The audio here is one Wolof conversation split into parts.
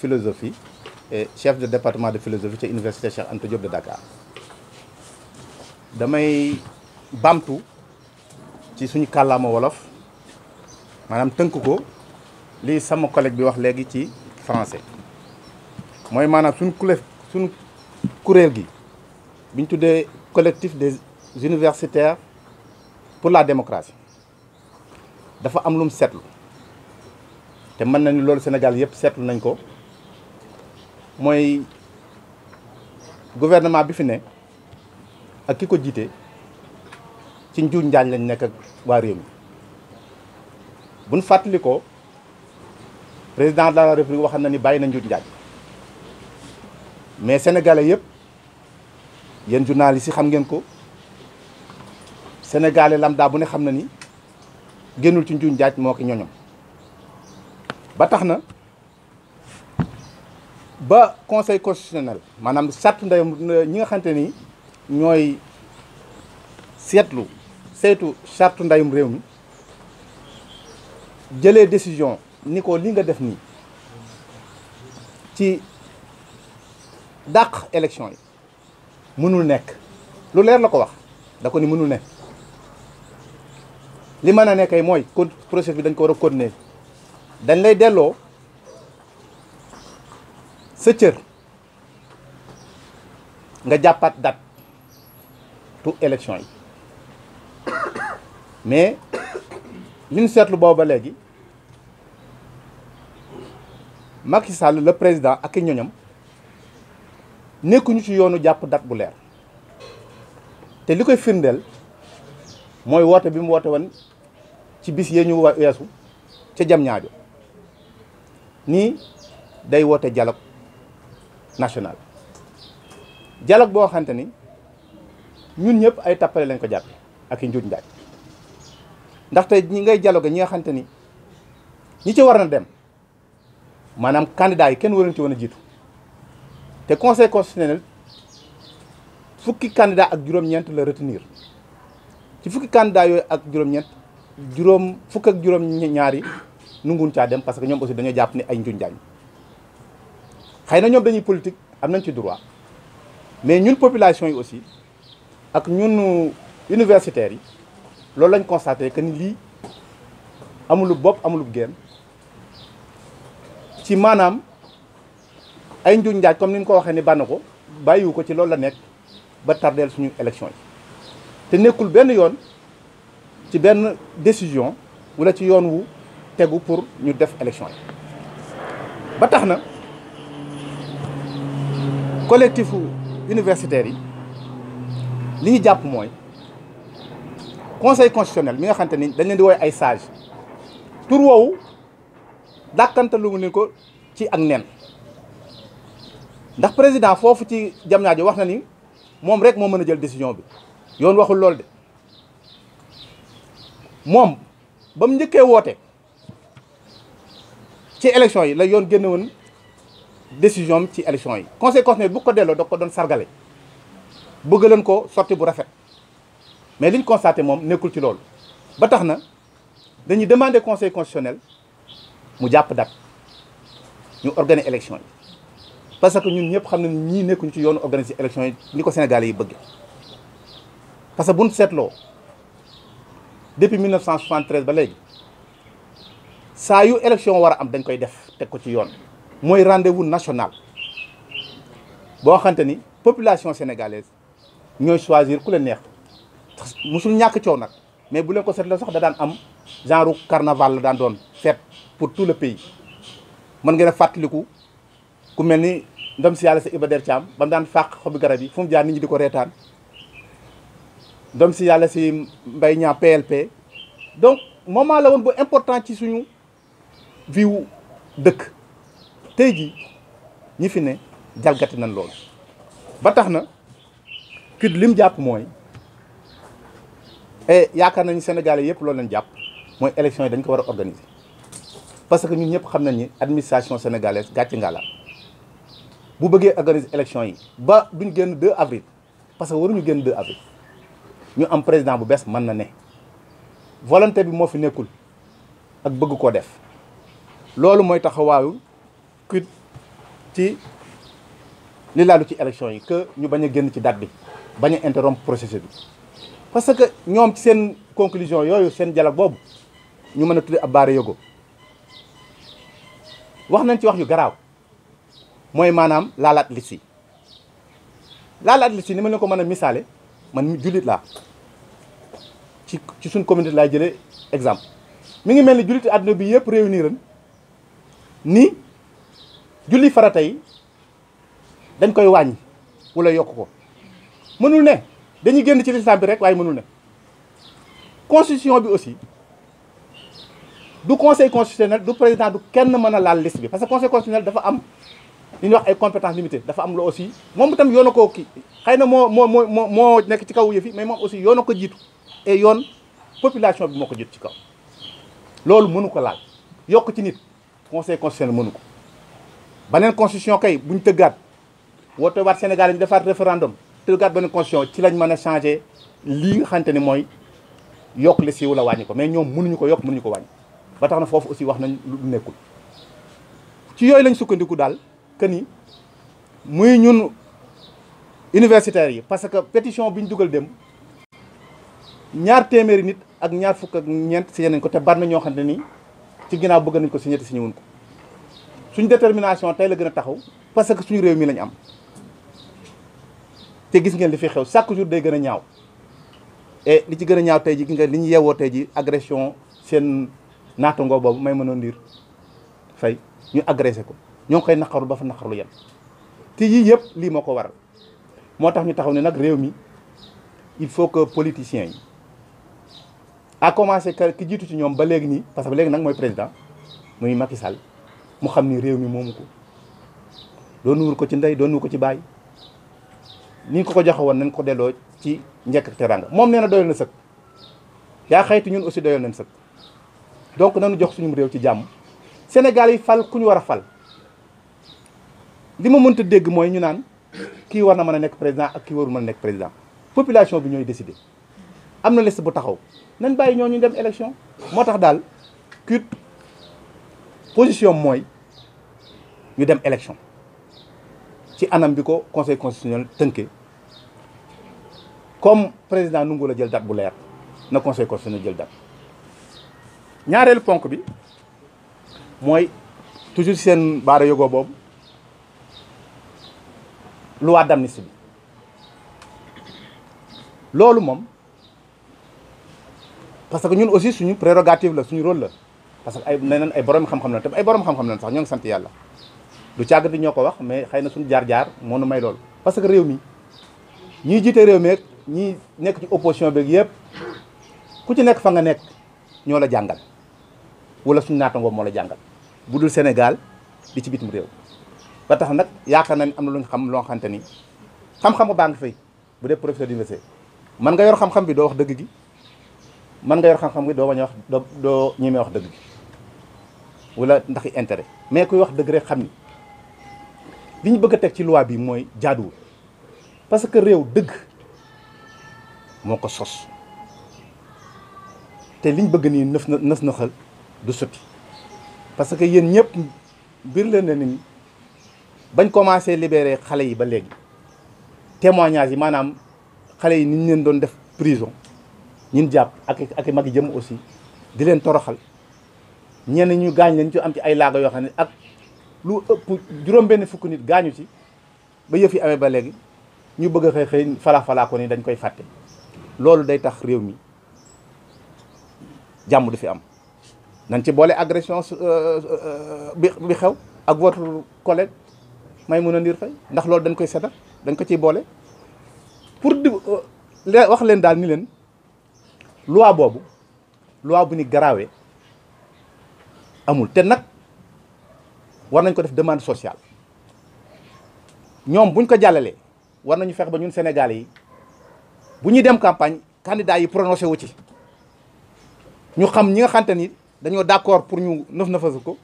philosophie et chef de département de philosophie ca université Cheikh Anta Diop de Dakar damay bamtu ci suñu kàllaama wolof maanaam tënk ko lii sama collègue bi wax léegi ci français mooy maanaam suñ kulef suñ kuréel gi biñ tuddee collectif des universitaires pour la démocratie dafa am lum seetlu te mën na ni loolu Sénégal yëpp seetlu nañ ko mooy gouvernement bi fi ne ak ki ko jiite ci njuuj njaañ lañ nekk ak waa réew mi buñ fàttali ko président de la république wax na ni bàyyi na njuuj njaañ mais sénégalais yëpp yéen journalistes yi xam ngeen ko sénégalais lambda bu ne xam na ni génnul ci njuuj njaañ moo ki ñoñom ba tax na ba conseil constitutionnel maanaam sart ndey ñi nga xamante ni ñooy seetlu seetu charte ndayum réew mi jëlee décision ni ko li nga def nii ci dàq élection yi mënul nekk lu leer la ko wax da ko ni mënul nekk li mën a nekkee mooy processus bi dañ ko war a continuer dañ lay delloo sa cër nga jàppaat dat tu élection yi mais li ñu seetlu booba léegi Macky Sall la président ak i ñoñam nekkuñu ci yoonu jàpp dat bu leer te li koy firndeel mooy woote bi mu woote woon ci bis yee ñu weesu ca jam ñaajo nii day woote dialogue national dialogue boo xamante ni ñun ñëpp ay tappale lañ ko jàppe ak i njuuj njaaj ndaxte ñi ngay dialogue ñi nga xamante ni ñi ci war na dem maanaam candidat yi kenn waruñu ci a jiitu te conseil constitutionnel fukki candidat ak juróom-ñeent la retenir ci fukki candidat yooyu ak juróom-ñeent juróom fukk ak juróom ñaar yi nunguun caa dem parce que ñoom aussi dañoo jàpp ni ay njuñ jaañ xëy na ñoom dañuy politique am nañ ci droit mais ñun population yi aussi ak ñun universitaires yi loolu lañ constaté que ni lii amulu bopp amulub génn ci maanaam ay njuñ njaaj comme ni ñu ko waxee ni bànn ko bàyyiwu ko ci loolu la nekk ba tardeel suñu élection yi te nekkul benn yoon ci benn décision wala ci yoon wu tegu pour ñu def élection yi ba tax na collectif universitaire yi li ñu jàpp mooy conseil constitutionnel mi nga xamante ni dañ di woy ay sage tur woowu dàkkantalu ni ko ci ak nen ndax président foofu ci jamñaajo wax na ni moom rek moo mën a jël décision bi yoon waxul loolu de moom ba mu njëkkee woote ci élection yi la yoon génn décision ci élection yi conseil constitutionnel bu ko delloo da ko doon sargale bëgg leen ko sorti bu rafet mais liñ constaté moom nekkul ci loolu ba tax na dañuy demander conseil constitutionnel mu jàpp date ñu organe élection yi parce que ñun ñëpp xam na ñii nekkuñu ci yoonu organiser élection yi ni ko Sénégalais yi bëgg parce que buñ seetloo depuis 1973 ba léegi saa yu élection war a am dañ koy def teg ko ci yoon mooy rendez-vous national boo xamante ni population sénégalaise ñooy choisir ku leen neex musul ñàkk coow nag mais bu leen ko seetloo sax da daan am genre carnaval la daan doon fête pour tout le pays mën ngeen a fàttaliku ku mel ni ndam si yàlla sa Iba Der Thiam ba mu daan fàq xobi garab yi fu jaar nit ñi di ko reetaan ndam si yàlla si mbay ñaa PLP donc moment la woon bu important ci suñu viwu dëkk tey ji ñi fi ne jalgati nañ loolu ba tax na CUD li mu jàpp mooy e yaakaar nañ Sénégalais yëpp loolu lañ jàpp mooy élection yi dañ ko war a organiser parce que ñu ñëpp xam nañ ni administration sénégalaise gàcce nga la bu bëggee organiser élection yi ba duñ génn 2 avril parce que waruñu génn 2 avril ñu am président bu bees mën na ne volonté bi moo fi nekkul ak bëgg koo def loolu mooy taxawaayu discute ci li laalu ci élection yi que ñu bañ a génn ci date bi bañ a interrompre processus bi parce que ñoom ci seen conclusion yooyu seen dialogue boobu ñu mën a tuddee ab baare yogo wax nañ ci wax yu garaaw mooy maanaam laalaat liste yi laalaat liste yi ni ma leen ko mën a misaale man jullit laa ci ci suñ communauté laay jële exemple mu ngi mel ni jullit àdduna bi yëpp réunir ni julli farata yi dañ koy wàññi wala yokk ko mënul ne dañuy génn ci lislam bi rek waaye mënul ne constitution bi aussi du conseil constitutionnel du président du kenn mën a laal liste bi parce que conseil constitutionnel dafa am ñu ñuy wax ay compétence limitée dafa am la aussi moom itam yoon na koo kii xëy na moo moo moo moo moo nekk ci kaw yëfi yi mais moom aussi yoon ko jiitu et yoon population bi moo ko jiitu ci kaw loolu mënu ko laal yokk ci nit conseil constitutionnel mënu ko beneen constitution kay bu ñu tëggaat woote waat Sénégal ñu defaat référendum tëggaat beneen constitution ci lañ mën a changé lii nga xamante ni mooy yokk la si wala wàññi ko mais ñoom mënuñu ko yokk mënuñu ko wàññi ba tax na foofu aussi wax nañ lu nekkul ci yooyu lañ sukkandiku daal que ni muy ñun universitaires yi parce que pétition bi ñu dugal dem ñaar téeméeri nit ak ñaar fukk ak ñeent signé nañ ko te bari na ñoo xam ne nii ci ginnaaw bëgg nañ ko si te si wuñ ko. suñu détermination tey la gën a taxaw parce que suñu réew mi lañ am te gis ngeen li fi xew chaque jour day gën a ñaaw et li ci gën a ñaaw tey ji gis nga li ñu yeewoo tey ji agression seen naatango boobu may mën a ndiir fay ñu agressé ko ñoo ngi koy naqaru ba fa naqarlu yem te yii yëpp lii moo ko waral moo tax ñu taxaw ne nag réew mi il faut que politiciens yi à commencer ki jiitu ci ñoom ba léegi nii parce que léegi nag mooy président muy Macky mu xam ni réew mi moomu ko doonuwul ko ci ndey doonuwul ko ci baay ni ko ko joxe woon nañ ko delloo ci njëkk ak teranga moom nee na doyal na sëkk yaa xayti ñun aussi doyal nañ sëkk donc nanu jox suñu réew ci jàmm Sénégal yi fal ku ñu war a fal li ma mënta dégg mooy ñu naan kii war na mën a nekk président ak kii warul mën a nekk président population bi ñooy décider am na liste bu taxaw nañ bàyyi ñooñu dem élection moo tax daal position mooy ñu dem élection ci anam bi ko conseil constitutionnel tënkee comme président nungu la jël date bu leer na conseil constitutionnel jël date ñaareelu ponk bi mooy toujours seen baara yogoo boobu loi d'amnistie bi loolu moom parce que ñun aussi suñu prérogative la suñu rôle la parce que ay neneen ay borom xam-xam la te ay borom xam-xam la sax ñoo ngi sant yàlla du càgg di ñoo ko wax mais xëy na suñu jaar-jaar moo nu may loolu parce que réew mi ñuy jiite réew mi ak ñi nekk ci opposition beeg yëpp ku ci nekk fa nga nekk ñoo la jàngal suñ suñu naatangoo moo la jàngal bu dul Sénégal di ci bitim réew ba tax nag yaakaar nañ am na lu ñu xam loo xamante ni xam-xamu baa ngi fay bu dee professeur d'université man nga yor xam bi doo wax dëgg gi man nga yor xam-xam bi doo bañ wax doo doo ñemee wax dëgg gi wala ndax i intérêt mais koy wax dëgg rek xam ni li ñu bëgg a teg ci loi bi mooy jaaduwul parce que réew dëgg moo ko sos te liñ bëgg nii nëf na nës na xal du sotti parce que yéen ñëpp mbir leen na ni bañ commencé libérer xale yi ba léegi témoignage yi maanaam xale yi ni leen doon def prison ñun jàpp ak ak magi jëm aussi di leen toroxal ñenn ñu gaañ lañ ci am ci ay laago yoo xam ne ak lu ëpp juróom-benn fukk nit gaañu ci ba yëf yi amee ba léegi ñu bëgg a xëy xëy falaa falaa ko ni dañ koy fàtte loolu day tax réew mi jàmm du fi am nañ ci boole agression euh, euh, bi bi xew ak may collègue Maïmouna Ndour Faye ndax loolu dañ koy setal dañ ko ciy boole pour di euh, wax leen daal ni leen loi boobu loi bu ni garaawe amul te nag war nañ ko def demande social ñoom buñ ko jàllalee war nañu fex ba ñun sénégal yi bu ñuy dem campagne candidat yi prononcé wu ci ñu xam ñi nga xamante ni dañoo d'accord pour ñu nëf nëfasal ko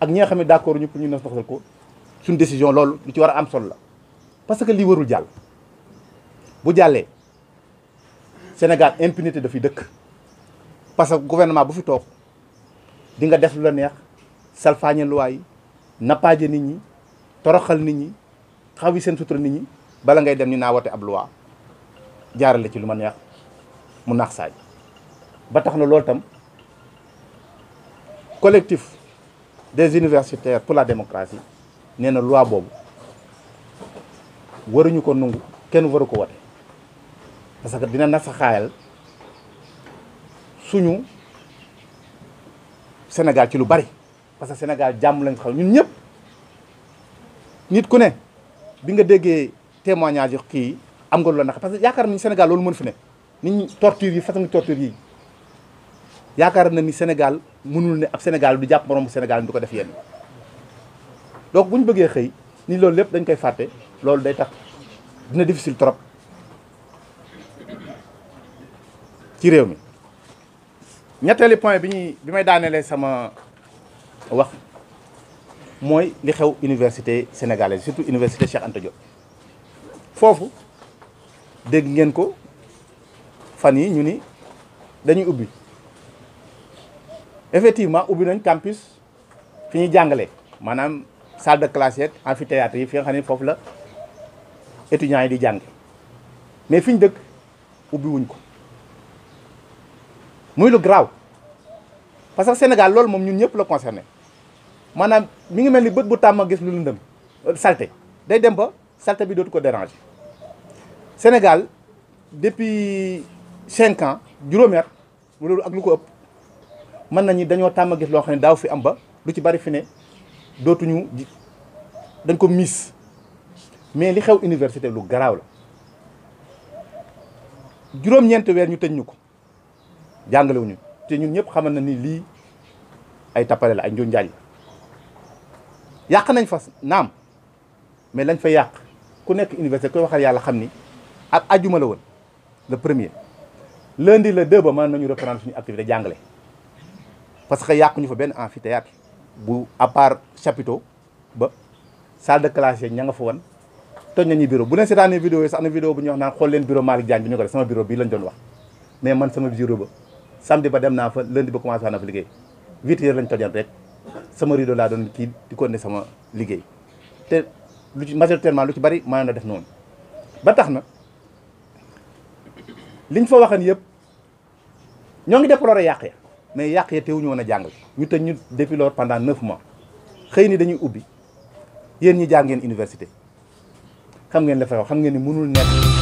ak ñi nga xam ne d'accord ñu pour ñu nëf nëfasal ko suñ décision loolu lu ci war a am sol la parce que lii warul jàll bu jàllee Sénégal impunité dafay dëkk parce que gouvernement bu fi toog di nga def lu la neex salfaañe luwaay nappaaje nit ñi toroxal nit ñi xawi seen sutura nit ñi bala ngay dem ni naa wote ab luwaa jaarale ci lu ma neex mu naax saay ba tax na loolu tam collectif des universitaires pour la démocratie nee na loi boobu waruñu ko nungu kenn waru ko wote parce que dina nasaxaayal suñu Sénégal ci lu bari parce que Sénégal jàmm lañ xaw ñun ñëpp nit ku ne bi nga déggee témoignage yi kii am nga lu la nax parce que yaakaar nañu Sénégal loolu mën fi ne nit ñi torture yi façon torture yi yaakaar na ni Sénégal mënul ne ab Sénégal du jàpp moroom Sénégal du ko def yenn donc bu ñu bëggee xëy ni loolu lépp dañ koy fàtte loolu day tax dina difficile trop ci réew mi. ñetteelu point bi ñuy bi may daaneelee sama wax mooy li xew université sénégalaise surtout université Cheikh Anta foofu dégg ngeen ko fan yi ñu ni dañuy ubbi effectivement ubbi nañ campus fi ñuy jàngale maanaam salle de classe yeeg amphithéâtre yi fi nga xam ne foofu la étudiants yi di jàng mais fi ñu dëkk ubbi ko muy lu graaw parce que Sénégal loolu moom ñun ñëpp la concerné maanaam mi ngi mel ni bët bu tàmm gis lu lëndëm euh, salte day dem ba salte bi dootu ko déranger Sénégal depuis cinq ans juróomi at wala ak lu ko ëpp mën nañu dañoo tàmm gis loo xam ne daaw fi am ba lu ci bari fi ne dootuñu ji dañ ko miis mais li xew université lu garaaw la juróom-ñeenti weer ñu tëj ñu ko. jàngalewuñu te ñun ñëpp xamal na ni lii ay tappale la ay njuñ njaaj la yàq nañ fa naam mais lañ fa yàq ku nekk université koy waxal yàlla xam ni ak ajuma la woon le premier lundi le deux ba mën nañu reprendre suñu activité jàngale parce que yàqu ñu fa benn amphithéâtre bu à part chapiteau ba salle de classe ña nga fa woon toj nañu bureau bu leen seetaanee vidéo yi sax am bu ñuy wax naan xool leen bureau Malick Diagne bi ñu ko def sama bureau bii lañ doon mais man sama bureau ba samedi ba dem naa fa lundi ba commencé naa fa liggéey huit heures lañ tojan rek sama rideau laa doon kii di ko ne sama liggéey te lu ci majoritairement lu ci bari maa na def noonu ba tax na li liñ fa waxan yëpp ñoo ngi def a yàq ya mais yàq ya teewuñu woon a jàng ñu tëj ñu depuis lors pendant neuf mois xëy ni dañuy ubbi yéen ñi jàngeen université xam ngeen la fa wax xam ngeen ni mënul nekk